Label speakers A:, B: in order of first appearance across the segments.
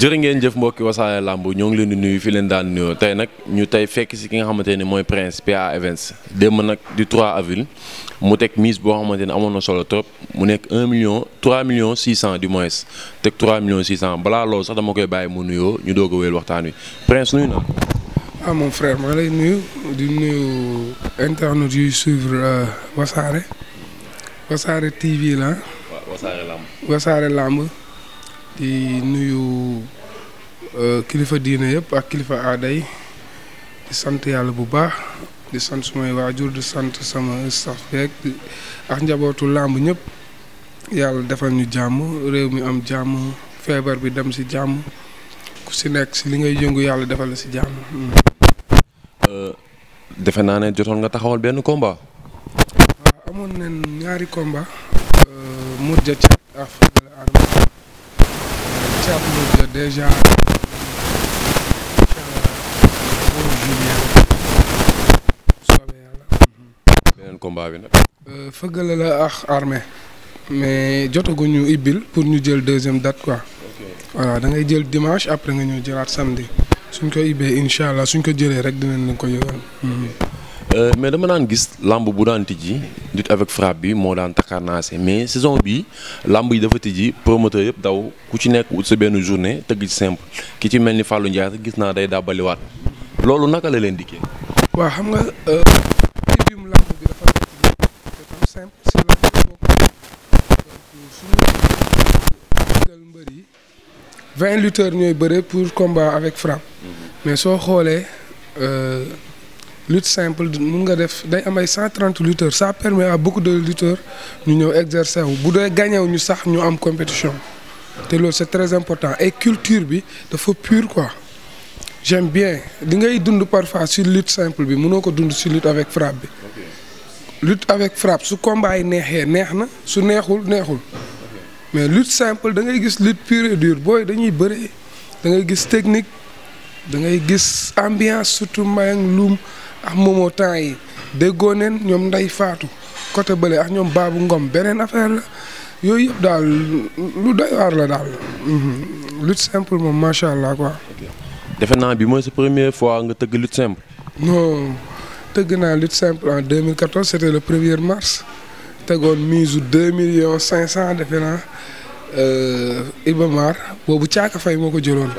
A: jërë ngeen jëf mbokki wasaare làmb ñoo ngi leen di nuyu fi leen daan nuyoo tey nag ñu tey fekk si ki nga xamante ne mooy Prince PA Events démb nag du 3 avril mu teg mise boo xamante ne amoon na solo trop mu nekk 1 million 3 millions 600 du moins teg 3 millions 600 balaa loolu sax dama koy bàyyi mu nuyoo ñu doog a wéyal waxtaan wi Prince nuyu naa
B: ko. ah mon frère maa lay nuyu di nuyu internet yuy suivre euh, wasaare wasaare TV la. wasaare làmb di nuyu. Euh, kilifa diine yëpp ak kilifa aaday di sant yàlla bu baax di sant sumay waajur di sant sama staff yeeg ak njabootu làmb ñëpp yàlla defal ñu jàmm réew mi am jàmm feebar bi dem ci jàmm ku ci nekk ci li ngay jëngu yàlla defal la ci jàmm. Hmm. Euh,
A: defe naa ne jotoon nga taxawal benn komba waaw
B: ah, amoon nañ ñaari komba euh, Mourdia Thiat ak Fadel Arma Thiat Mourdia déjà soobee yàlla. beneen combat bi nag. Euh, fëggale la ak armée mais jotaguñu ibbil pour ñu jël deuxième date quoi. voilà da ngay jël dimanche après nga ñëw jëlaat samedi suñ ko ibbee incha allah suñ ko jëlee rek dinañ la ko yëgal.
A: Euh, mais dama daan gis làmb bu daan tijji lutte avec frappe bi moo daan naa takkarnaase mais saison bi lamb yi dafa tijji promoteur yëpp daw ku ci nekk wut sa benn journée tëgg ci simple ki ci mel ni Fallou Ndiaye gis naa day dàbbaliwaat loolu naka la leen dikkee.
B: waaw xam nga tribune euh, làmb bi mbër yi vingt lutteurs ñooy bëre pour combat avec frappe mm-hmm. mais soo xoolee euh, lutte simple mun nga def day am ay cent trente lutteurs ça permet à beaucoup de lutteurs ñu ñëw exercer wu bu dee gagné ñu sax ñu am compétition te lool c'est très important ay culture bi dafa pure quoi. j'aime bien li ngay dund parfois sur lutte simple bi munoo ko dund sur lutte avec frappe bi lutte avec frappe su combat yi neexee neex na su neexul neexul mais lut simple da ngay gis lutte pure et dure booy dañuy bëree da ngay gis technique da ngay gis ambiance surtout Mbayang Loum ak moomoo temps yi déggoo neen ñoom nday faatu côté bële ak ñoom baabu ngom beneen affaire la yooyu yëpp daal lu doy waar la daal mhm. lutte simple moom macha allah quoi.
A: defe naa bi mooy sa première fois nga tëgg lutte simple.
B: non tëgg naa lutte simple en 2014 c' était le premier mars tegoon mise u deux millions cinq cent defe naa euh, Iba Mar boobu caaka fay moo ko jëloon.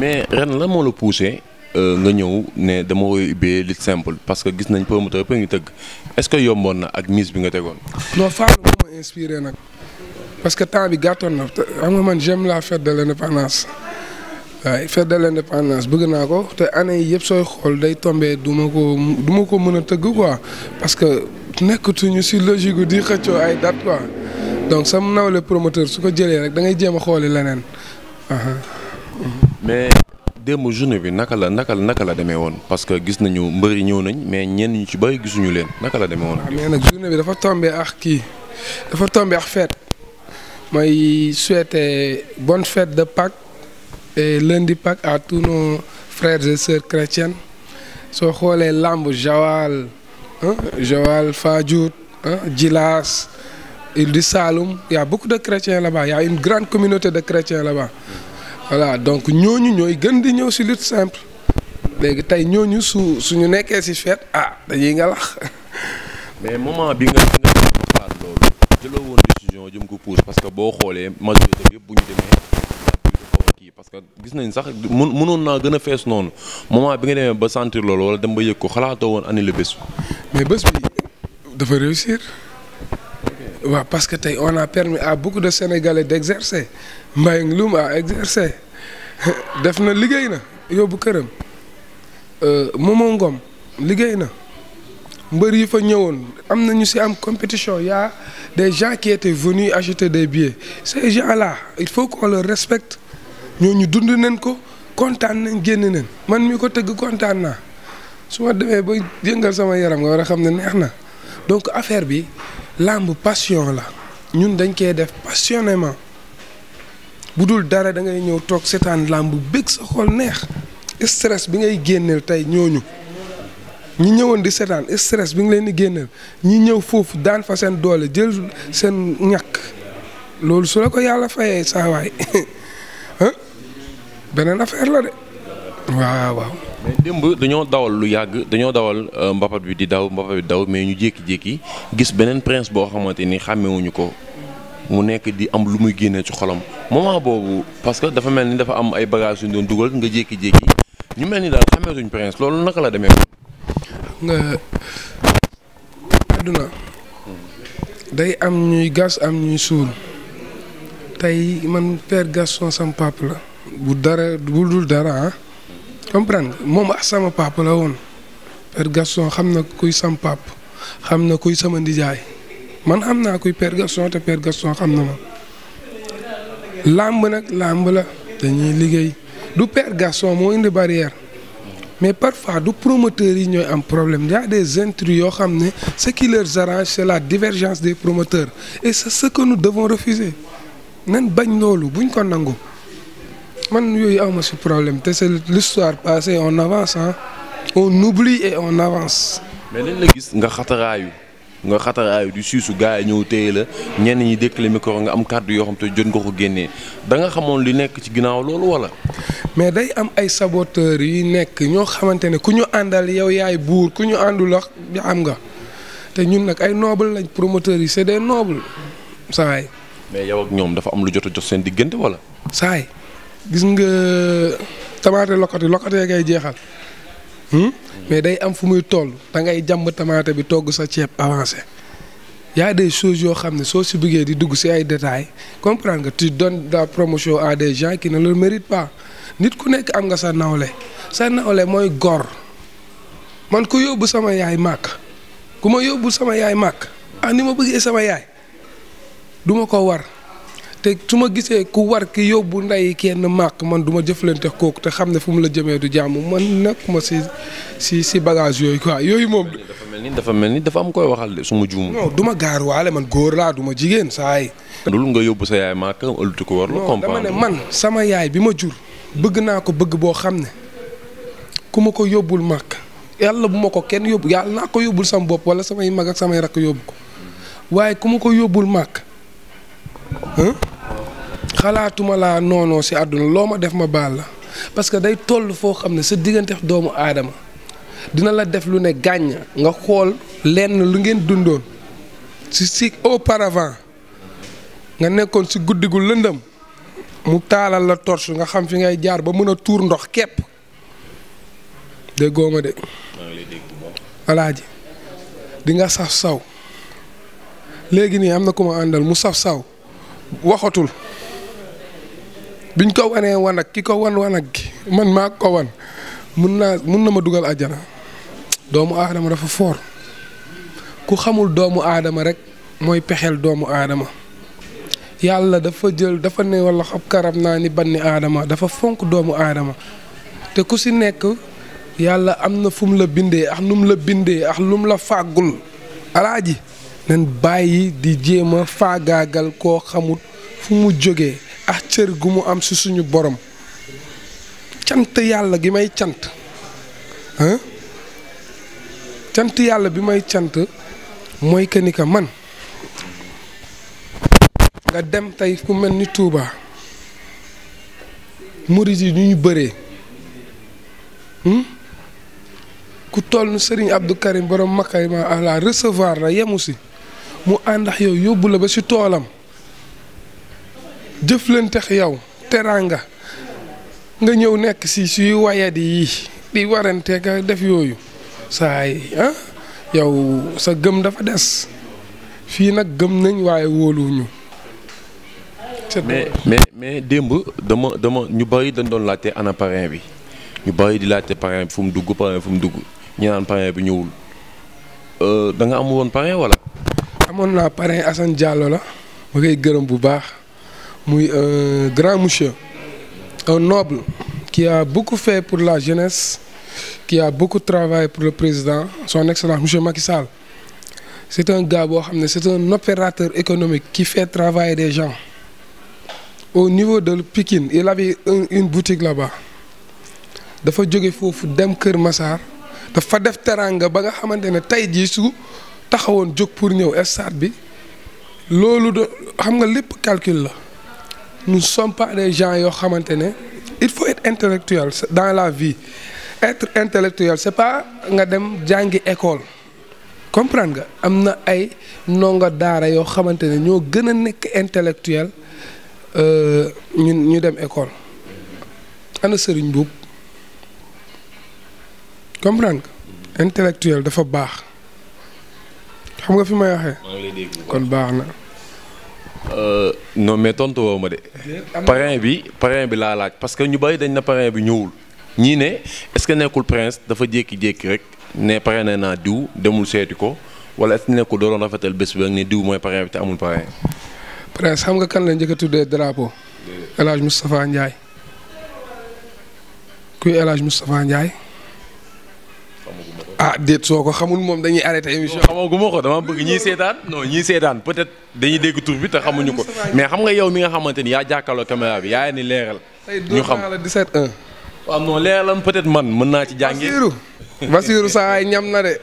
B: mais
A: ren la moo la poussé. Euh, nga ñëw ne dama koy ubbee lutte simple parce que gis nañ promoteur bi ngi tëgg est-ce que yomboon na ak mise bi nga tegoon.
B: non Fallou moo ma inspiré nag parce que temps bi gàttoon na xam nga man j'aime la fête de l'indépendance. waaye fête de l'indépendance bëgg naa ko te année yi yëpp sooy xool day tombee du ma ko du ma ko mën a tëgg quoi parce que nekkatuñu si logique gu di xëcco ay date quoi donc sam nawle promoteur su ko jëlee rek da ngay jéem a xooli leneen. mais
A: démb journée bi naka la naka la naka la demee woon parce que gis nañu mbëri ñëw nañ mais ñenn ñu ci bëri gisuñu leen naka la demee woon. Ah,
B: mais nag journée bi dafa tombé ak kii dafa tombé ax fête mooy souhaiter bonne fête de pa et lundi Pâques à tous nos frères et sœurs chrétiennes soo xoolee làmb Joal Joal Fadiouth Djilas île du Saloum y a de chrétiens là-bas y une grande communauté de chrétiens là-bas voilà donc ñooñu ñooy gën di ñëw si lutte simple léegi tey ñooñu su suñu nekkee ci fête ah dañuy nga lax mais moment bi nga nga
A: xalaat loolu jëloo woon décision jëm ko pousse parce que boo xoolee majorité bi bu ñu demee kii parce que gis nañ sax mun mënoon naa gën a fees noonu moment bi nga demee ba sentir loolu wala dem ba yëg ko xalaatoo woon annulé bés
B: mais bés bi dafa réussir waaw ouais, parce que tey on a permis à beaucoup de Sénégalais d'exercer Mbaye Ngloum a exercé def na liggéey na yóbbu këram euh, Momo Ngom liggéey na mbër yi fa ñëwoon am na ñu ci am compétition y a des gens acheter des billets ces gens-là il faut qu'on le respecte ñooñu dund nañ ko kontaan nañ génn nañ man mi ko tëgg kontaan naa su ma demee ba jëngal sama yaram nga war a xam ne neex na donc affaire bi làmb passion la ñun dañ koy def passionnément bu dul dara da ngay ñëw toog seetaan làmb bëgg sa xool neex stress bi ngay génneel tey ñooñu ñi ñëwoon di seetaan stress bi nga leen di génneel ñi ñëw foofu daan fa seen doole jël seen ñàkk loolu su la ko yàlla fayee saawaay beneen affaire la de waaw waaw.
A: mais démb dañoo dawal lu yàgg dañoo dawal euh, mbapat bi di daw mbapat bi daw mais ñu jékki-jékki gis beneen prince boo xamante ni xàmmewuñu ko mu nekk di am lu muy génne ci xolam moment boobu parce que dafa mel ni dafa am ay bagages yu ñu doon dugal nga jékki-jékki ñu mel ni daal xàmmeetuñ prince loolu naka la demee.
B: nga àdduna hmm. day am ñuy gas am ñuy suul. tey man père Gaston sama papa la bu dara bu dul dara ah comprendre moom ah sama papa la woon père Gaston xam na kuy sama xam na kuy sama ndijaay man xam naa kuy père Gaston te père Gaston xam na ma làmb nag làmb la dañuy liggéey du père Gaston moo indi barrière mais parfois du promoteurs yi ñooy am problème y a des intrus yoo xam ne ce qui leur arrange c'est la divergence des promoteurs et c'est ce que nous devons refuser nan bañ loolu buñ ko nangu man yooyu awma si problème te c'est l'histoire passée on avance ah on oublie et on avance. mais dañ la gis
A: nga xataraayu nga xataraayu di siisu gars yi ñëw téye la ñenn ñi dékkale ko nga am kàddu yoo xam te jot nga ko génnee danga xamoon li nekk ci ginnaaw loolu wala.
B: mais day am ay saboteurs yi nekk ñoo xamante ne ku ñu àndal yow yaay buur ku ñu àndul wax am nga te ñun nag ay noble lañ promoteurs yi c'est des nobles yi mais
A: yow ñoom dafa am lu jot a jox seen diggante wala.
B: saay gis nga tamaate lokati lokatee ngay jeexal. Hmm? mais day am fu muy toll da ngay jàmm tamaate bi togg sa ceeb avancé. y a des choses yoo xam ne soo si bëggee di dugg si ay détails comprendre nga tu donnes la promotion à des gens qui ne le méritent pas nit ku nekk am nga sa nawle sa nawle mooy gor man ku yóbbu sama yaay màkk ku ma yóbbu sama yaay màkk ah ni ma bëggee sama yaay. du ma ko war te su ma gisee ku war ki yóbbu ndey kenn màkk man du ma jëflante kooku te xam ne fu mu la jëmee du jàmm man nekk ma si si si bagage yooyu quoi yooyu moom. dafa
A: mel ni dafa mel ni dafa am koy waxal de su
B: du ma gaar waale man góor laa duma jigéen saa yi. loolu nga
A: yóbbu sa yaay màkk ëllëg ko war la. comprendre man
B: sama yaay bi ma jur. bëgg naa ko bëgg boo xam ne ku ma ko yóbbul màkk yàlla bu ma ko kenn yóbbu yàlla naa ko yóbbul sama bopp wala samay mag ak samay rakk yóbbu ko waaye ku ma ko yóbbul màkk. xalaatuma laa noonoo si àdduna loo ma def ma baal la parce que day toll foo xam ne sa diggante doomu aadama dina la def lu ne gàññ nga xool lenn lu ngeen dundoon si si auparavant nga nekkoon si guddi gu lëndëm mu taalal la torche nga xam fi ngay jaar ba mën a tuur ndox képp déggoo ma de alaaji di saf saw léegi nii am na ko ma àndal mu saf saw waxatul biñ ko wanee wanag ki ko wan wanag gi man maa ko wan mun naa mun na ma dugal àjjana doomu aadama dafa foor ku xamul doomu aadama rek mooy pexeel doomu aadama yàlla dafa jël dafa ne wala xab karam naa ni banni aadama dafa fonk doomu aadama te ku si nekk yàlla am na fu la bindee ak num la bindee ak lu la fàggul alaaji nan bàyyi di jéem a faagaagal koo xamut fu mu jógee ak cër gu mu am si suñu borom cant yàlla gi may cant ah cant yàlla bi may cant mooy que ni que man nga dem tey ku mel ni Touba murid yi ñu ñu bëree hmm? ku toll nu Serigne Abdou Karim borom Makarima Allah recevoir la yemu si. mu ànd ak yow yóbbu la ba si toolam jëflanteex yow teraanga nga ñëw nekk si suy wayadi yi di warante ka def yooyu saa yi ah yow sa gëm dafa des fii nag gëm nañ waaye wóoluwuñu mais
A: mais mais démb dama dama ñu bari dañ doon laajte ana parrain bi ñu bari di laajte parrain bi fu mu dugg parrain fu mu dugg ñu naan parrain bi ñëwul euh, da nga amul woon parrain wala.
B: amoon naa parrain Assane Diallo la ma koy gërëm bu baax muy un grand monsieur un noble qui a beaucoup fait pour la jeunesse qui a beaucoup travaillé pour le président son excellence monsieur Macky Sall c'est un gars boo xam ne c'est un opérateur économique qui fait travailler des gens au niveau de Pikine il avait une boutique là-bas dafa jóge foofu dem Kër Massar dafa def teranga ba nga xamante ne tey jii taxawoon jóg pour ñëw stade bi loolu do xam nga lépp calcul la nous sommes pas des yoo xamante ne il faut être intellectuel dans la vie être intellectuel c'est pas nga dem jàngi école comprendre nga am na ay ndongo daara yoo xamante ne ñoo gën a nekk intellectuel euh, ñu ñu dem école ana sëriñ buub comprendre nga intellectuel dafa baax xam nga fi may waxee. kon baax na.
A: Euh, non mais tontu woo ma de. parrain bi parrain bi laa laaj parce que ñu bari dañ na parrain bi ñëwul. ñii ne est-ce nekkul prince dafa jékki-jékki rek ne parrainé naa diw demul seeti ko wala est-ce que nekkul dooloon rafetal bés bi rek ne diw mooy parrain bi te amul parrain.
B: prince xam nga kan la njëkk a tuddee drapeau. El Hadj Moustapha Ndiaye. kuy El Hadj Moustapha ah déet soo ko xamul moom dañuy arrêté
A: émission bi. xamoo gu ma ko dama bëgg ñiy seetaan non dañuy dégg tur bi te xamuñu ko mais xam nga yow mi nga xamante ni yaa jàkkaarloo caméra bi yaa ni leeral. ñu xam la 17 1.
B: waaw
A: peut-être man mën naa ci jàngee. Basirou Basirou saa ñam na de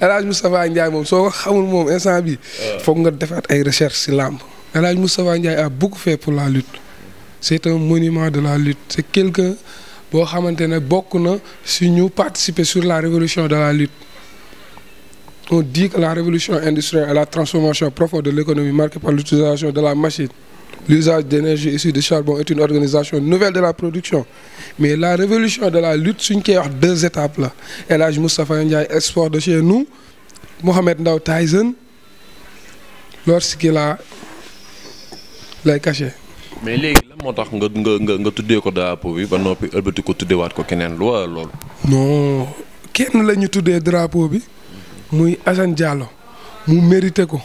B: El Hadj Moustapha Ndiaye moom soo ko xamul moom instant bi foog nga defaat ay recherche si làmb El Hadj Moustapha Ndiaye a fait pour la lutte c'est monument de la lutte c'est quelqu'un boo xamante ne bokk na si ñu participer sur la révolution de la lutte on dit que la révolution industrielle est la transformation profonde de l'économie marquée par l'utilisation de la machine l'usage d'énergie issue de charbon est une organisation nouvelle de la production mais la révolution de la lut suñ koy wax deux étapes la El Hadj Moustapha Ndiaye export de nou nous ndaw Ndao Tyson lorsqu'il a les cachets
A: mais léegi lan moo tax nga nga nga nga tuddee ko drapeau bi ba noppi ëlbati ko tuddeewaat ko keneen lu waral loolu.
B: non kenn la ñu tuddee drapeau bi muy Assane Diallo mu mérité ko.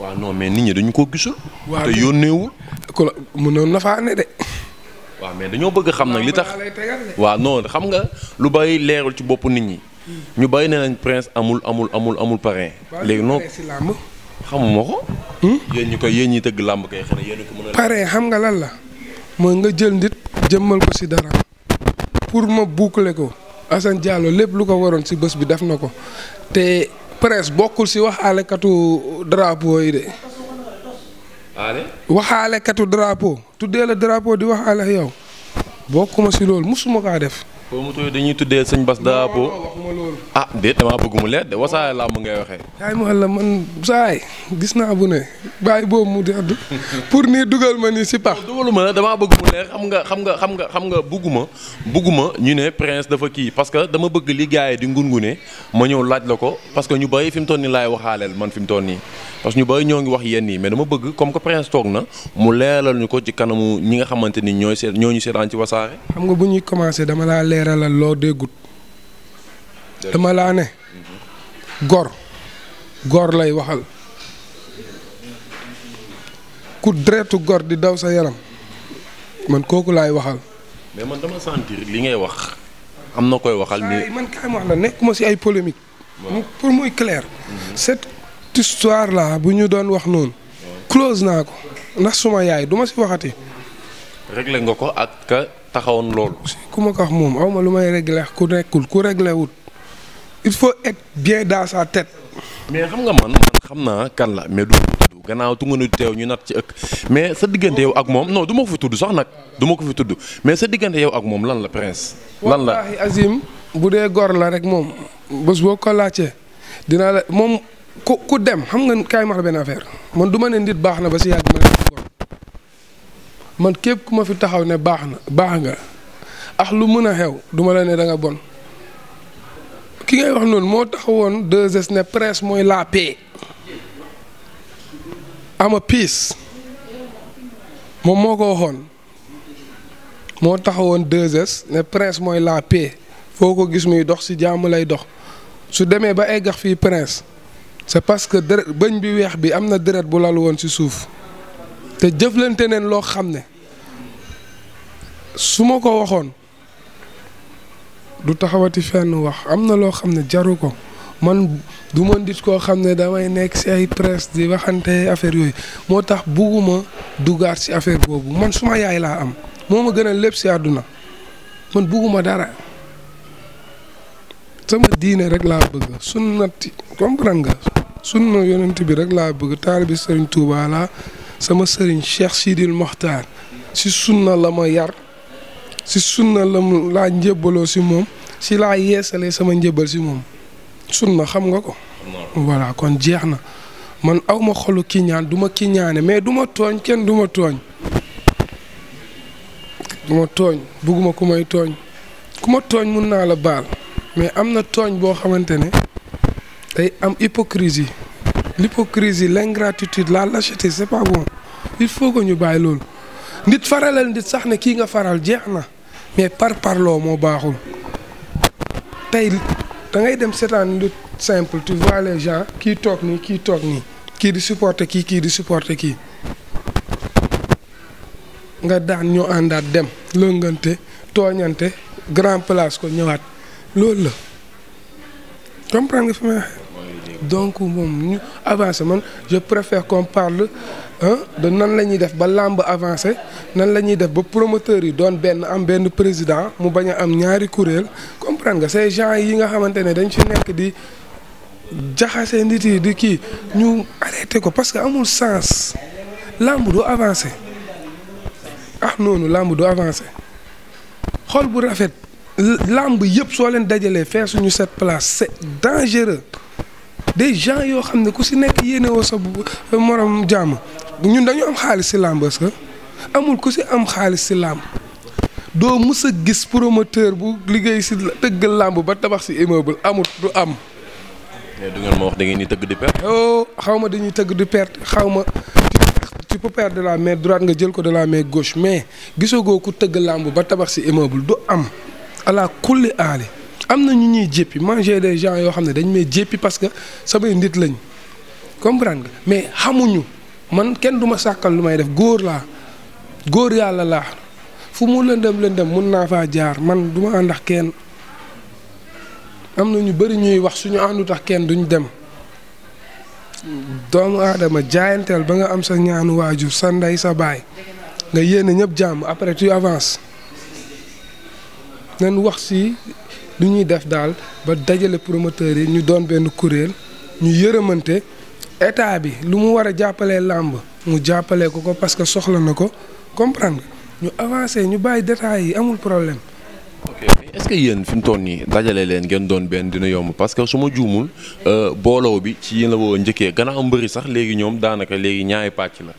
A: waa non mais nit ñi dañu ko gisul. waaw te
B: yónneewul. ko de.
A: mais dañoo bëgg xam nag li tax waa non xam nga lu bay leerul ci boppu nit ñi. Hmm. ñu bay ne nañ prince amul amul amul amul parrain. léegi non xamuma ko. Hmm? yéen ñi koy yéen ñi tëgg làmb kay xanaa yéen pare xam nga
B: lan la mooy nga jël nit jëmmal ko si dara pour ma boucler ko Assane Diallo lépp lu ko waroon si bés bi def na ko te presse bokkul si wax alekatu drapeau yi de. ale waxaalekatu drapeau tuddee la drapeau di wax ale yow bokkuma si loolu musuma kaa def.
A: boo mu tudd dañuy tuddee sëñ Bass Daapo ah déet damaa bëgg mu leer de wasaare làmb ngay waxee.
B: yaay ma la man saay gis naa bu ne bàyyi boobu mu dee pour nii dugal ma nii si pax. dugaluma la damaa bëgg mu leer xam nga xam nga xam nga xam nga bëgguma bëgguma ñu ne
A: prince dafa kii parce que dama bëgg li gars yi di ngungune ñëw laaj la ko parce que ñu bari fi mu toll nii laay waxaaleel man fi mu toll nii. parce que ñu bari ñoo ngi wax yenn yi mais dama bëgg comme que prince toog na mu leeral ñu ko ci kanamu ñi nga xamante ni ñooy seet ñoo ñu seetaan ci wasaare.
B: xam nga bu ñuy commencé dama laa leeralal loo déggut dama laa ne gor gor lay waxal ku deretu gor di daw sa yaram man kooku laay waxal
A: mais man dama sentir li ngay wax am na koy waxal mais man
B: kaay wax la nekkuma ci ay polémique pour muy clair cette histoire laa bu ñu doon wax noonu close naa ko ndax su suma yaay duma si waxati
A: réglé nga ko ak ka taxawoon loolu.
B: ku ma ko wax moom awma lu may réglé ku nekkul ku réglé wut il faut être bien dans sa tête.
A: mais xam nga man man xam naa kan la mais du tudd gannaaw tu nga nu ñu nat ci mais sa diggante yow ak moom non du ma ko fi tudd sax nag du ma ko fi tudd mais sa diggante yow ak moom lan la prince. lan la wallaahi
B: Azim bu dee gor la rek moom bés boo ko dinaa la moom ku ku dem xam nga kaay ma la benn affaire man du ma ne nit baax na ba si yàgg ma ne gor man képp ku ma fi taxaw ne baax na baax nga ax lu mën a xew duma la ne danga bon ki ngay wax noonu moo taxawoon 2S ne mooy la paix ama peace moom moo ko waxoon moo taxawoon 2 ne prince mooy la paix foo ko gis muy dox ci jàmm lay dox su demee ba eggax fii prince c'est parce que deret bëñ bi weex bi am na deret bu lal woon ci suuf te jëflante neen loo xam ne su ma ko waxoon du taxawati fenn wax am na loo xam ne jaru ko man du ma nit koo xam ne damay nekk si ay tres di waxante affaire yooyu moo tax bugguma dugaat ci affaire boobu man suma yaay laa am moo ma gënal lépp ci àdduna man bugguma dara sama diine rek laa bëgg sunnati comprendre nga sunna yonent bi rek laa bëgg taalibi Sëriñ Tuubaa laa sama sëriñ Cheikh Sidil Mokhtar si sunna la ma yar si sunna la laa njëbbaloo si moom si laa yeesalee sama njëbbal si moom sunna xam nga ko. voilà kon jeex na man awma ma xolu kiñaan du ma kiñaane mais duma tooñ kenn duma tooñ. du ma tooñ bugguma ku may tooñ ku tooñ mun naa la baal mais am na tooñ boo xamante ne day am hypocrisie l'hypocrisie l'ingratitude la lâcheté c'est pas bon il faut que ñu bàyyi loolu nit faralal nit sax ne kii nga faral jeex na mais par parloo moo baaxul tey da ngay dem seetaan lu simple tu vois les gens kii toog nii kii toog nii kii di supporte kii kii di supporter kii nga daan ñu àndaat dem lëngante tooñante grand place ko ñëwaat loolu la comprendre nga fi donc moom ñu avancer man je préfère qu'on parle ah de nan la ñuy def ba làmb avancé nan la ñuy def ba promoteur yi doon benn am benn président mu bañ a am ñaari kuréel comprendre nga ces gens yi nga xamante ne dañ ci nekk di jaxase nit yi di kii ñu arrêté ko parce que amul sens làmb du avancé ah noonu làmb du avancé xool bu rafet làmb yëpp soo leen dajalee feesuñu cette place c'est dangereux des gens yoo xam ne ku si nekk yéene woo sa euh, morom jàmm ñun dañu am xaalis si làmb parce amul ku si am xaalis si làmb doo mës a gis promoteur bu liggéey si tëggal làmb ba tabax si immeuble amul du am.
A: du ngeen da ngeen di tëgg
B: oh, xaw ma dañuy tëgg du perte xaw ma tu peux de la mais droite nga jël ko de la mais gauche mais gisagoo ku tëgg làmb ba tabax si immeuble du am ala kulli am na ñu ñuy jéppi manger des gens yoo xam ne dañ may jéppi parce que samay nit lañ comprendre nga mais xamuñu man kenn du ma sàkkal lu may def góor laa góor yàlla laa fu mu lëndëm dem mun naa faa jaar man duma ànd ak kenn am na ñu bëri ñuy wax suñu àndut ak kenn duñ dem doomu aadama jaayanteel ba nga am sa ñaanu waajur sa ndey sa baay nga yéene ñëpp jàmm après tu avances nañ wax si. lu ñuy def daal ba dajale promoteurs yi ñu doon benn kuréel ñu yërëmante état bi lu mu war a jàppalee làmb mu jàppalee ko ko parce que soxla na ko comprendre ñu avancer ñu bàyyi détails yi amul problème.
A: ok est-ce fi mu toll nii dajale leen ngeen doon benn dina yomb parce que su ma juumul euh, booloo bi ci yéen la woo njëkkee gannaaw mbëri sax léegi ñoom daanaka léegi ñaari pàcc la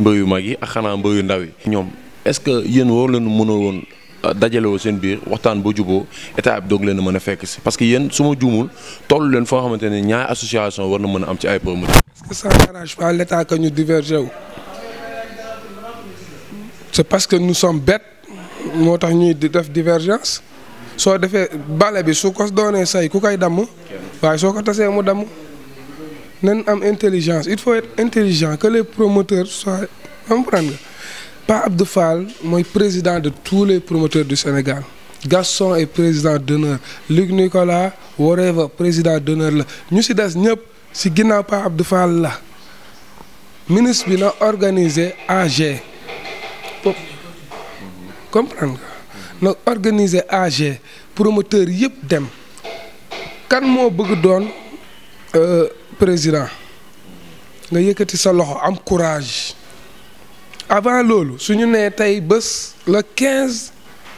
A: mbër yu mag yi ak xanaa mbër yu ndaw yi. ñoom est-ce que yéen waroon leen mën a dajalewoo seen biir waxtaan ba juboo état bi doog leen a mën a fekk si parce que yéen su ma juumul toll leen foo xamante ne ñaari association war na mën a am ci ay promoteurs.
B: est-ce que ça n'arrange pas l'état que ñu parce que nous sommes bêtes moo tax ñuy def divergence soo defee bale bi su ko doonee say ku koy damm waaye soo ko tasee mu damm nañ am intelligence il faut être intelligent que les promoteurs soient Pa Abdou Fall mooy président de tous les promoteurs du Sénégal gason et président d'honneur Luc Nicolas Woreva président d'honneur la ñu si des ñëpp si ginnaaw Pa Abdou Fall la ministre bi na organiser AG comprendre nga na organiser AG promoteur yëpp dem kan moo bëgg doon euh, président nga yëkkati sa loxo am courage avant loolu su ñu nee tey bés la quinze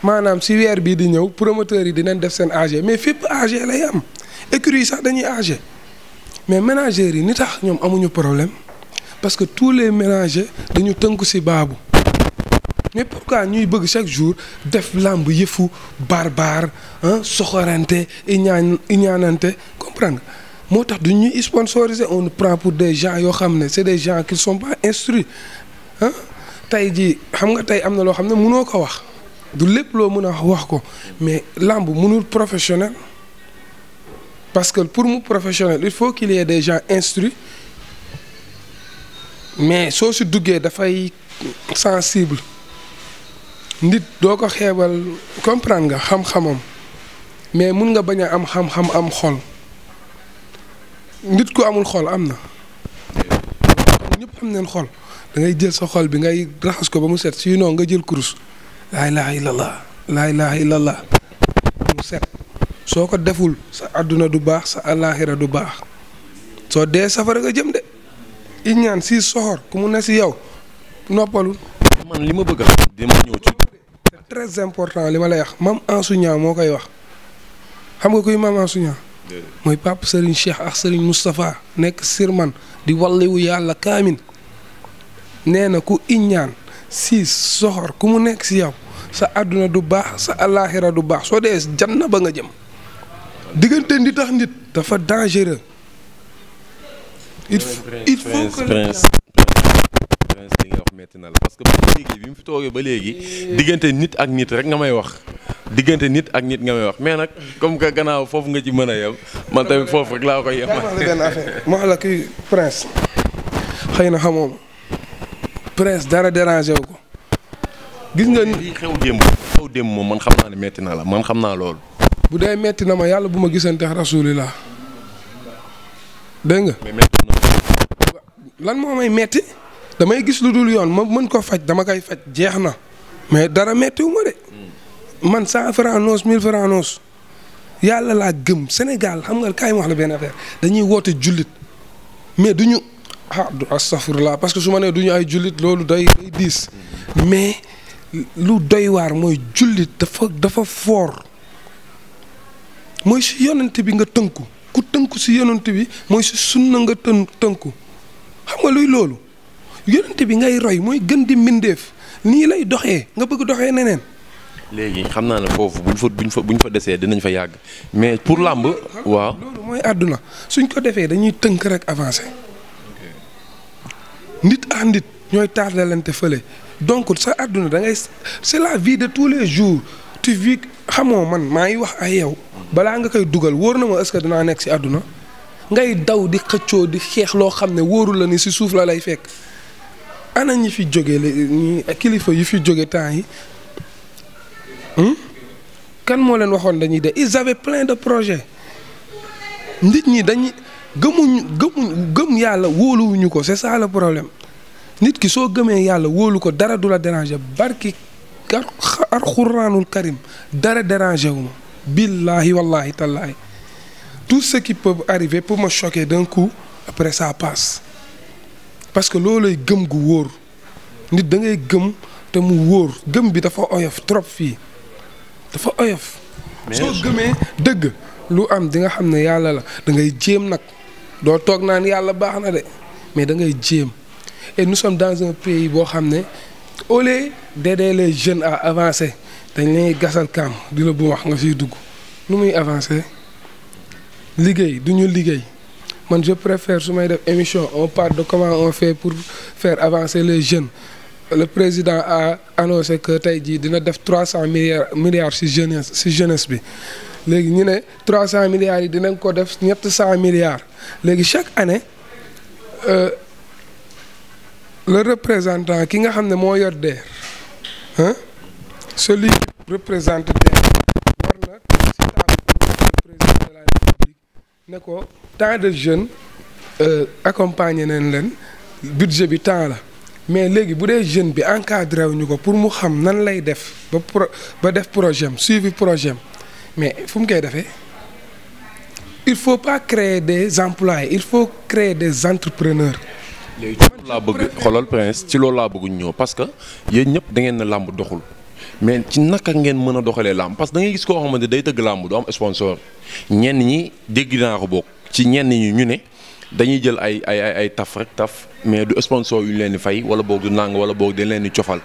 B: maanaam si weer bii di ñëw promoteurs yi dinañ def seen AG mais fépp AG lay am écurie yi sax dañuy AG mais ménagères yi ni tax ñoom amuñu problème parce que tous les ménagers dañu tënku si baabu mais pourquoi ñuy bëgg chaque jour def làmb yëfu barbare ah soxorante iñaan iñaanante comprendre moo tax du ñuy sponsoriser on prend pour des gens yoo xam ne c'est des gens qui sont pas instruits tey jii xam nga tey am na loo xam ne mënoo ko wax du lépp loo mën a wax ko mais làmb mënul professionnel parce que pour mu professionnel il faut qu'il des gens instruits mais soo si duggee dafay sensible nit doo ko xeebal comprendre nga xam-xamam mais mun nga bañ a am xam-xam am xol nit ku amul xol am na ñëpp am neen xol da ngay jël sa xol bi ngay raxas ko ba mu set sinon nga jël kurus laa ilaha illallah laa ilaha illallah mu set soo ko deful sa àdduna du baax sa alaaxira du baax soo dee safara nga jëm de iñaan si soxor ku mu ne si yow noppalu man li ma bëgg dama ñëw ci c'est important li ma lay wax mam Ansuña moo koy wax xam nga kuy mam Ansuña mooy papa Serigne Cheikh ak Serigne Moustapha nekk Sirman di walliwu yàlla kaamin nee na ku iññaan si soxor ku mu nekk si yow sa àdduna du baax sa alaaxira du baax soo dee janna ba nga jëm diggante ndi tax nit dafa dangereux il il faut que
A: na la parce que ba léegi fi toogee ba léegi diggante nit ak nit rek nga may wax diggante nit ak nit nga may wax mais nag comme que gannaaw foofu nga ci mën a yem man tamit foofu rek laa koy yem. ma
B: wax kii prince xëy na xamoo presse dara dérangé wu ko.
A: gis nga lii xew démb xew démb moom man xam naa ne metti na la man xam naa loolu.
B: bu dee metti na ma yàlla bu ma gisante rasulillah dégg nga. mais metti na lan moo may metti damay gis lu dul yoon ma mën ko faj dama koy faj jeex na mais dara mettiwu ma de. Hmm. man cent franc noos mille franc noos yàlla laa gëm Sénégal xam nga kaay ma wax la benn affaire dañuy woote jullit mais duñu ah du astafurlah parce que su ma nee du ñu ay jullit loolu day day diis mais lu doy waar mooy jullit dafa dafa foor mooy si yonent bi nga tënku ku tënku si yonent bi mooy si sunna nga tën tënku xam nga luy loolu yonent bi ngay roy mooy gën di mbindeef nii lay doxee nga bëgg doxee neneen.
A: léegi xam naa ne foofu buñ fa buñ fa buñ desee dinañ fa yàgg mais pour làmb waaw
B: mooy àdduna suñ ko defee dañuy tënk rek avancé. nit ak nit ñooy taaralante fële donc sa àdduna da ngay c'est la vie de tous les jours tu vis xamoo man maa ngi wax ay yow balaa nga koy dugal wóor na ma est-ce que danaa nekk ci àdduna ngay daw di xëccoo di xeex loo xam ne wóoru la ni ci suuf la lay fekk ana ñi fi jóge ñi kilifa yu fi jóge temps yi hmm? kan moo leen waxoon dañuy de ils avaient plein de projet nit ñi dañuy gëmu gëmuñu gëm yàlla wóoluwuñu ko c'est ça le problème nit ki soo gëmee yàlla wóolu ko dara du la déranger barki alxuraanul karim dara déranger wu ma billaahi wallaahi tallaahi tout ce arriver pour ma choquer d'un coup après ça passe parce que loolay gëm gu wóor nit da ngay gëm te mu wóor gëm bi dafa oyof trop fii dafa oyof soo gëmee dëgg lu am di nga xam ne yàlla la da ngay jéem nag doo toog naan yàlla baax na de mais da ngay jéem et nous sommes dans un pays boo xam ne au lieu d'aider les jeunes à avancer dañ lay gasal kaam di la bu wax nga fiy dugg lu muy avancer liggéey du ñu liggéey man je préfère su may def émission on parle de comment on fait pour faire avancer les jeunes le président a annoncé que tey jii dina def trois cent milliards milliards ci jeunesse si jeunesse bi. léegi ñu ne trois cent milliards yi dinañ ko def ñett cent milliards léegi chaque année euh, le représentant ki nga xam ne moo yor DER ah celui qui représente DER war na président de la république ne ko temps de jeunes euh, accompagner nañ leen budget bi temps la mais léegi bu dee jeune bi encadré wuñu ko pour mu xam nan lay def ba pro ba def projet am suivi projet mais fu mu koy defee il faut pas créer des employés il faut créer des entrepreneurs.
A: léegi ci laa bëgg xoolal prince ci loolu laa bëgg ñëw parce que yéen ñëpp da ngeen ne làmb doxul mais ci naka ngeen mën a doxalee làmb parce que da ngay gis koo xamante day tëgg làmb du am sponsor ñenn ñi dégg naa ko bokk ci ñenn ñi ñu ne dañuy jël ay ay ay taf rek taf mais du sponsor yu ñu leen di fay wala boog du nàng wala boog dañ leen di cofal.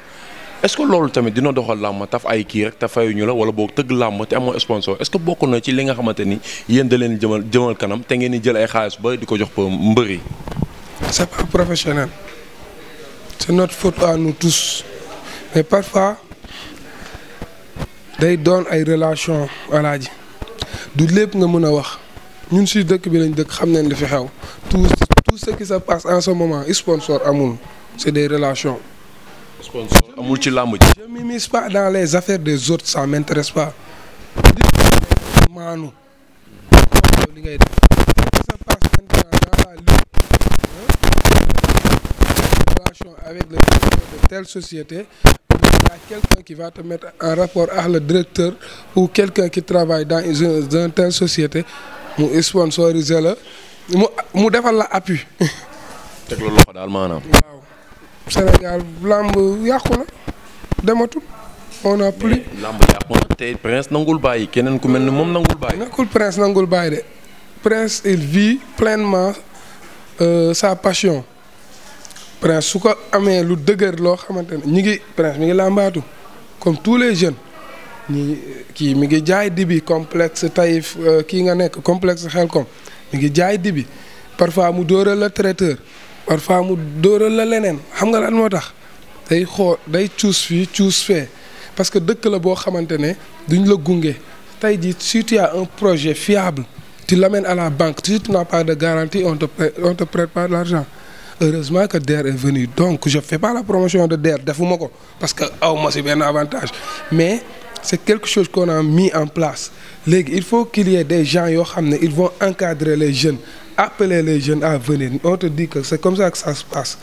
A: est-ce loolu tamit dina doxal làmb taf ay kii rek te fayuñu la wala boog tëgg làmb te amoo sponsor est-ce que bokk na ci li nga xamante ni yéen da leen jëmal jëmal kanam te ngeen di jël ay xaalis ba di ko jox ba mbër yi.
B: c'est pas professionnel. c'est notre faute à nous tous mais parfois day doon ay relation alaaji du lépp nga mën a wax ñun si dëkk bi lañ dëkk xam neen li fi xew tout tout ce qui se passe moment sponsor amul c'est des relations. sponsor
A: amul ci làmb ji.
B: je m'immisce pas dans les affaires des autres ça m'intéresse pas. maanu. li ngay def. ça passe maintenant dans la lutte. relation avec le telle société. il y a quelqu'un qui va te mettre en rapport ak le directeur ou quelqu'un qui travaille dans une telle société mu sponsoriser la mu mu defal la appui.
A: teg la loxo daal
B: Sénégal làmb yàqu na dematul. on a plus
A: làmb yàqu na te prince nangul bàyyi keneen ku mel ni moom nangul bàyyi.
B: nekkul prince nangul bàyyi de prince il vit pleinement euh, sa passion prince su ko amee lu dëgër loo xamante ne ñi ngi prince mi ngi làmbaatu comme tous les jeunes ñi kii mi ngi jaay dibi complexe Taïf euh, kii nga nekk complexe Xelkom mi ngi jaay dibi parfois mu dóoral la traiteur. parfois mu dóoral la leneen xam nga lan moo tax day xool day cuus fii cuus fee parce que dëkk la boo xamante ne duñ la gunge tey jii si tu as un projet fiable tu l'amènes à la banque si tu a pas de garantie on te on te prête pas l'argent heureusement que DER est donc je fais pas la promotion de DER defuma ko parce que aw ma benn avantage mais c'est quelque chose qu'on a mis en place léegi il faut qu'il des gens yoo xam ne ils vont encadrer les jeunes appeler les jeunes à venir on di dit que c'est comme ça que ça se passe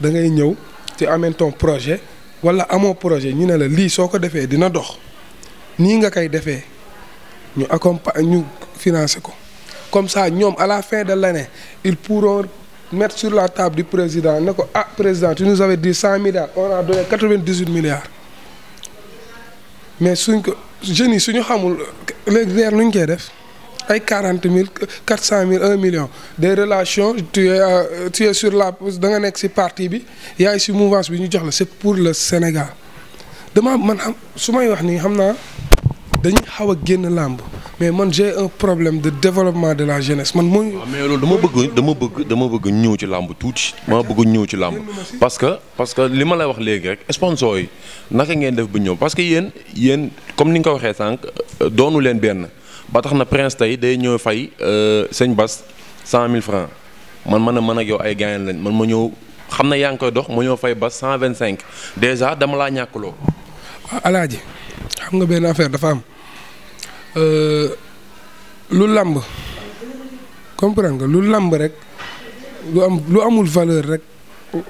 B: da ngay ñëw ci ameen ton projet wala amoo projet ñu ne la lii soo ko defee dina dox nii nga koy defee ñu accompagne ñu financer ko comme ça ñoom à la fin de il ils pourront mettre sur la table du président ne ko ah président tu nous avais dit cent milliards on a donné quatre-vingt-dix-huit milliards mais suñ ko jeunes yi suñu xamul léegi lu ñu koy def ay quarante mille quatre cent mille un million des relation euh, tu es sur la da nga nekk ci parti bi yaay ci mouvance bi ñu jox la c'est pour le Sénégal dama man xam su may wax nii xam naa dañuy xaw a génn làmb mais man j'ai un problème de développement de la jeunesse man mooy.
A: Ah, mais loolu dama bëgg dama bëgg dama bëgg ñëw ci làmb tuuti. dama bëgg ñëw ci làmb. parce que parce que li ma lay wax léegi rek sponsor yi naka ngeen def bu ñëw parce que yéen yéen comme ni nga ko waxee sànq euh, doonu leen benn. ba tax na prince tey day ñëw fay euh, sëñ Bas cent mille francs man man a mën ak yow ay gaañal lañ man ma ñëw xam na yaa ngi koy dox ma ñëw fay Bas cent vingt cinq dèjà dama laa ñàkkloo.
B: waaw ah, alaaji xam nga benn affaire dafa am euh, lu làmb comprendre nga lu làmb rek lu am lu amul valeur rek.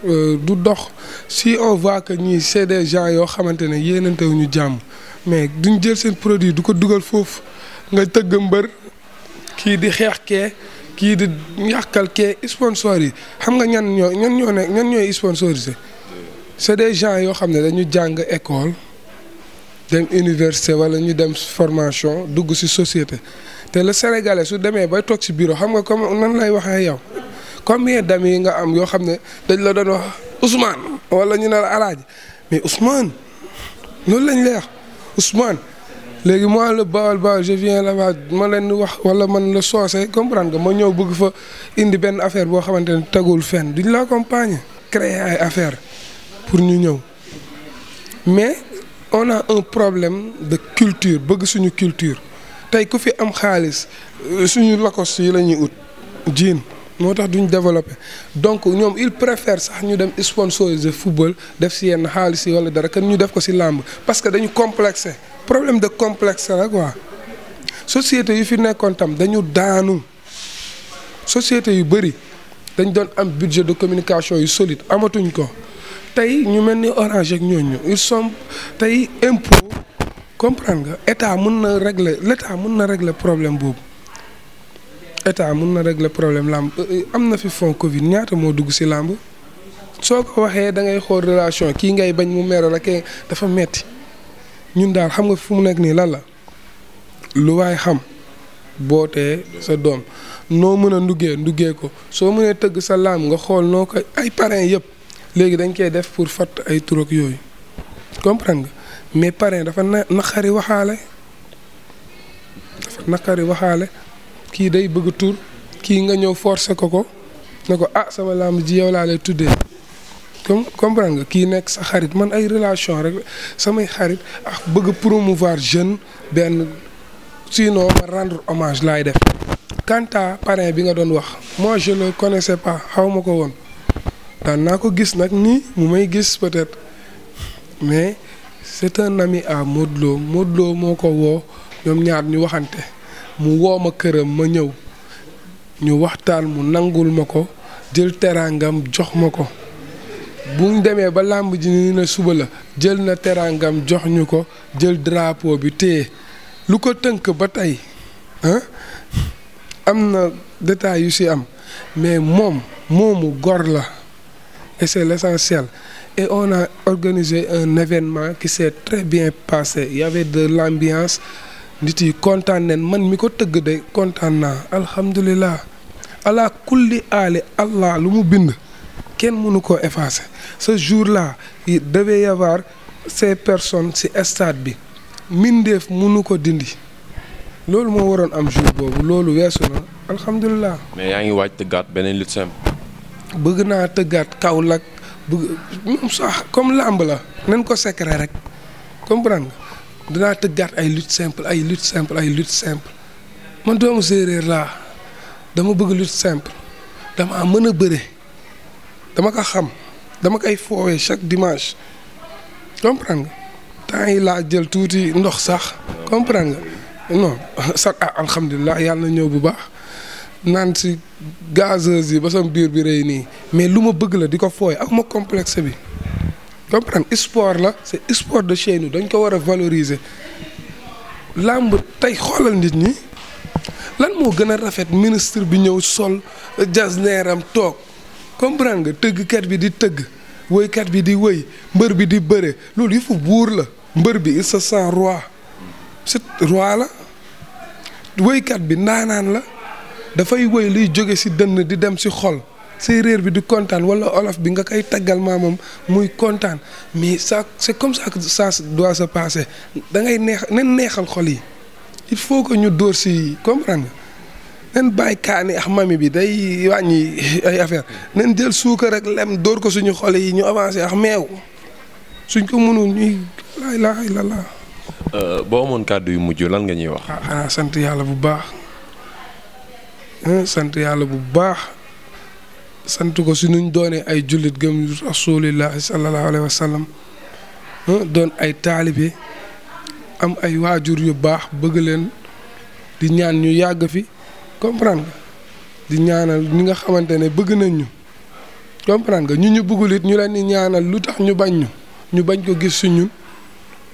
B: Euh, du dox si on voit que ñii c'est des gens yoo xamante ne yéenante wu ñu jàmm mais duñ jël seen produit du ko dugal foofu nga tëgg mbër kii di xeex kee kii di yàqal kee sponsor yi xam nga ñan ñoo ñan ñoo ne ñan ñooy sponsorisé c'est des gens yoo xam ne dañu jàng école dem université wala ñu dem formation dugg ci société te la sénégalais su demee bay toog ci biiro xam nga comme nan lay waxee yow combien d'amis yi nga am yoo xam ne dañ la doon wax Ousmane wala ñu ne la Alaaji mais Ousmane loolu lañ la wax Ousmane léegi moi le Baol Baol je viens là-bas ma leen wax wala man la soose comprendre nga ma ñëw bëgg fa indi benn affaire boo xamante ne tagul fenn duñ la accompagner créer ay affaire pour ñu ñëw mais on a un problème de culture bëgg suñu culture tey ku fi am xaalis euh, suñu lakos yi la ñuy ut jiin moo tax duñ développé donc ñoom il préfère sax ñu dem sponsoriser football def si yenn xaalis yi wala dara kan ñu def ko si làmb parce que dañu complexé problème de complexe la quoi société yu fi nekkoon tam dañu daanu société yu bëri dañ doon am budget de communication yu solide amatuñ ko tey ñu mel ni orange ak ñooñu ils sont tey impôt comprendre nga état mun na régler l'état mun na régler problème boobu. état mun na régler problème làmb euh, am na fi fonk Covid ñaata moo dugg si làmb soo ko waxee da ngay xool relation kii ngay bañ mu meeral ak dafa metti ñun daal xam nga fu mu nekk nii lan la lu waaye xam bootee sa doom noo mën a nduggee nduggee ko soo mënee tëgg sa làmb nga xool noo ko ay parrain yëpp léegi dañ koy def pour fatt ay turog yooyu comprendre nga mais parrain dafa na waxaale dafa naqari waxaale kii day bëgg tur kii nga ñëw forcer ko ko ne ko ah sama làmb ji yow laa lay tuddee comme comprendre nga kii nekk sa xarit man ay relation rek samay xarit ah bëgg promouvoir jeune benn sinon ma rendre hommage laay def quant à bi nga doon wax mois je le connaissais pas xaw ma ko woon daan naa ko gis nag nii mu may gis peut-être mais c'est un ami à Modou Lo moo ko woo ñoom ñaar ñu waxante mu woo këram ma ñëw ñu waxtaan mu nangul ma ko jël teraangam jox ma ko bu ñu demee ba làmb ji ni na suba la jël na teraangam jox ñu ko jël drapeau bi téye lu ko tënk ba tey ah am na détails yu ci am mais moom moomu gor la et c'est l'essentiel et on a organiser un événement qui s'est très bien passé il y avait de l'ambiance nit yi kontaan nañ man mi ko tëgg de kontaan naa alhamdulilah ala kulli aali allah lu mu bind kenn mënu ko effacer ce jour-là il devait y avoir ces ci stade bi mindeef mënu ko dindi loolu moo waroon am jour boobu loolu weesu na alhamdulilah.
A: mais yaa ngi waaj tëggaat beneen lutte simple.
B: bëgg naa tëggaat Kaolack bëgg moom sax comme làmb la nañ ko secret rek comprendre danaa tëggaat ay lutte simple ay lutte simple ay lutte simple man doomu séeréer laa dama bëgg lutte simple dama mën a bëre dama ko xam dama koy foowee chaque dimanche comprendre nga temps yi laa jël tuuti ndox sax comprendre nga non sax ah yàlla na ñëw bu baax naan si gazeuse yi ba sax biir bi rëy nii mais lu ma bëgg la di ko fooy ak ma complexe bi comprendre sport la c' est sport de chez nous dañ ko war a valoriser làmb tey xoolal nit ñi lan moo gën a rafet ministre bi ñëw sol jas neeram toog comprendre nga tëggkat bi di tëgg woykat bi di woy mbër bi di bëre loolu yëfu buur la mbër bi il se sent roi c'est roi la woykat bi naanaan la dafay woy luy jóge ci dënn di dem ci xol séeréer bi di kontaan wala olof bi nga koy taggal maamam muy kontaan mais ça c'est comme ça que ça doit se passer da ngay neex nen neexal xol yi il faut que ñu dóor si comprendre nga nen bàyyi kaani ak mami bi day wàññi ay affaire nen jël suukar ak lem dóor ko suñu xol yi ñu avancé ak meew suñ ko mënul ñuy laa ilaaha illallaah
A: euh, boo amoon kàddu yu mujj lan nga ñuy wax.
B: ah sant yàlla bu baax sant yàlla bu baax. sant ko si nuñ doonee ay jullit gëm rasulillahi sallallahu alayhi wa sallam ah, doon ay taalibe am ay waajur yu baax bëgg leen di ñaan ñu yàgg fi comprendre nga di ñaanal ñi nga xamante ne bëgg nañ ñu comprendre nga ñu ñu bëggul it ñu leen di ñaanal lu tax ñu bañ ñu ñu bañ ko gis si ñun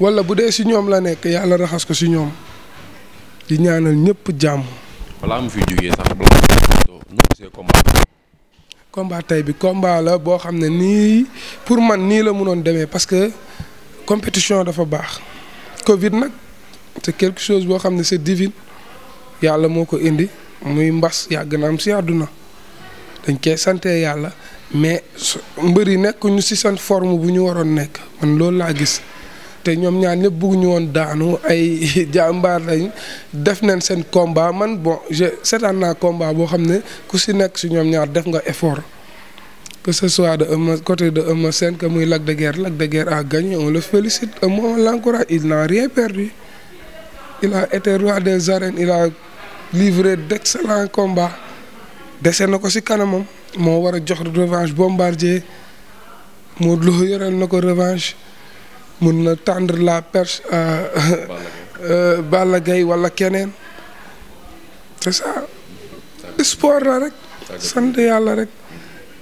B: wala bu dee si ñoom la nekk yàlla raxas ko si ñoom di ñaanal ñëpp jàmm.
A: balaa mu fi jógee sax balaa mu fi
B: combat tey bi combat la boo xam ne nii pour man nii la mënoon demee parce que compétition dafa baax Covid nag c'est quelque chose boo xam ne c'est divin yàlla moo ko indi muy mbas yàgg na am ci àdduna dañ koy sante yàlla mais mbër yi nekk si seen forme bu ñu waroon nekk man loolu laa gis. te ñoom ñaar ñëpp bëgguñu woon daanu ay jàmbaar lañ def nañ seen combat man bon je seetaan naa combat boo xam ne ku si nekk si ñoom ñaar def nga effort. que ce soit de Eumeu côté de Eumeu Sène que muy Lac de Guiers Lac de Guiers a gagné on le félicite Eumeu l'encourage il n'a rien perdu il a été roi des arènes il a livré d'excellents combats dese na ko ci kanamam moo war a jox revanche Bombardier Modou Lo yoreel na ko revanche. mun na tendre la perche à Balla Gaye euh, wala keneen c'est ça sport la rek sant yàlla rek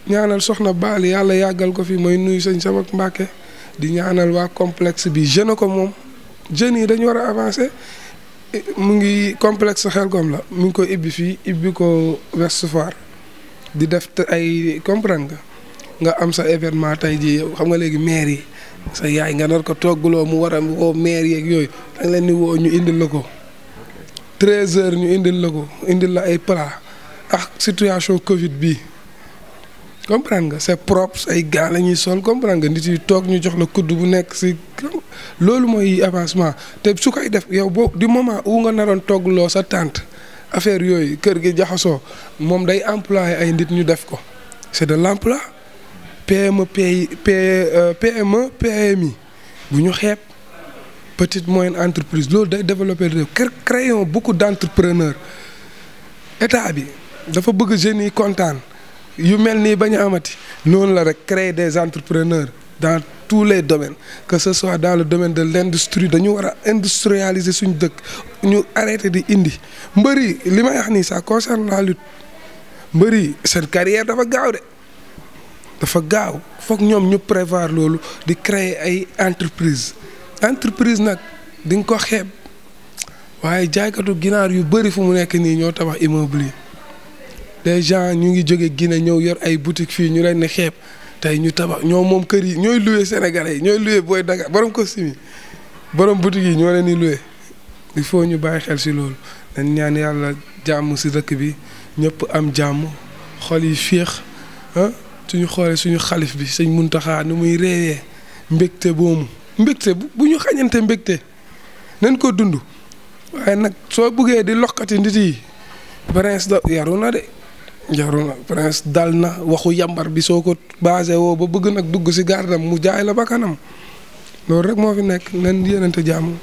B: ñaanal soxna Baali yàlla yàggal ko fi mooy nuyu sëñ sama Mbàkke di ñaanal waa complex bi jeune ko moom jeunes yi dañu war a avancé mu ngi complexe Xelcom la mu ngi ko ibbi fii ibbi ko Ouest di def te ay comprendre nga nga am sa événement tey jii yow xam nga léegi maire yi sa yaay nga nar ko toggaloo mu war a woo maire yeeg yooyu da leen di woo ñu indil la ko. treize heures ñu indil la ko indil la ay plat ak situation Covid bii comprendre nga c'est propre ay gaa la ñuy sol comprendre nga nit yi toog ñu jox la kudd bu nekk si loolu mooy avancement te su koy def yow boo di moment où nga naroon toggloo sa tante affaire yooyu kër gi jaxasoo moom day employé ay nit ñu def ko c'est de l'emploi PME PI PME PMI bu ñu xeeb petite moyen entreprise loolu day de développer réew créons beaucoup d'entrepreneurs état bi dafa bëgg jeunes yi kontaan yu mel nii ba ñu noonu la rek créer des entrepreneurs dans tous les domaines que ce soit dans le domaine de l'industrie dañu war a industrialiser suñu dëkk ñu arrêter di indi mbëri li may wax nii ça concerne la lutte mbëri seen carrière dafa gaaw de. dafa gaaw foog ñoom ñu prévoir loolu di créer ay entreprise entreprise nag di nga ko xeeb waaye jaaykatu ginaar yu bëri fu mu nekk nii ñoo tabax immeuble yi des gens ñu ngi jóge Guinée ñëw yor ay boutique fii ñu leen ne xeeb tey ñu tabax ñoo moom kër yi ñooy loué Sénégalais yi ñooy loué booy Dakar borom costume yi borom boutique yi ñoo leen di loué il faut ñu bàyyi xel si loolu dañ ñaan yàlla jàmm si dëkk bi ñëpp am jàmm xol yi féex ah. suñu xoolee suñu xalif bi sëñ Muntaxa ni muy réewee mbégte boobu mbégte bu ñu xañante mbégte nañ ko dund waaye nag soo bëggee di lokkati nit yi prince da yaru na de yaru na prince dal na waxu yambar bi soo ko basé woo ba bëgg nag dugg si gardam mu jaay la bakkanam loolu rek moo fi nekk nañ yéenante jàmm.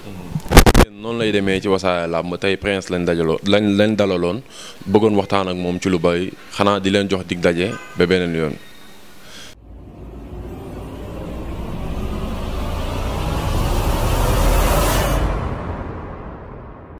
A: noonu lay demee ci Wassare ma tey prince lañ dajaloo lañ lañ dalaloon bëggoon waxtaan ak moom ci lu bari xanaa di leen jox dig daje ba beneen yoon.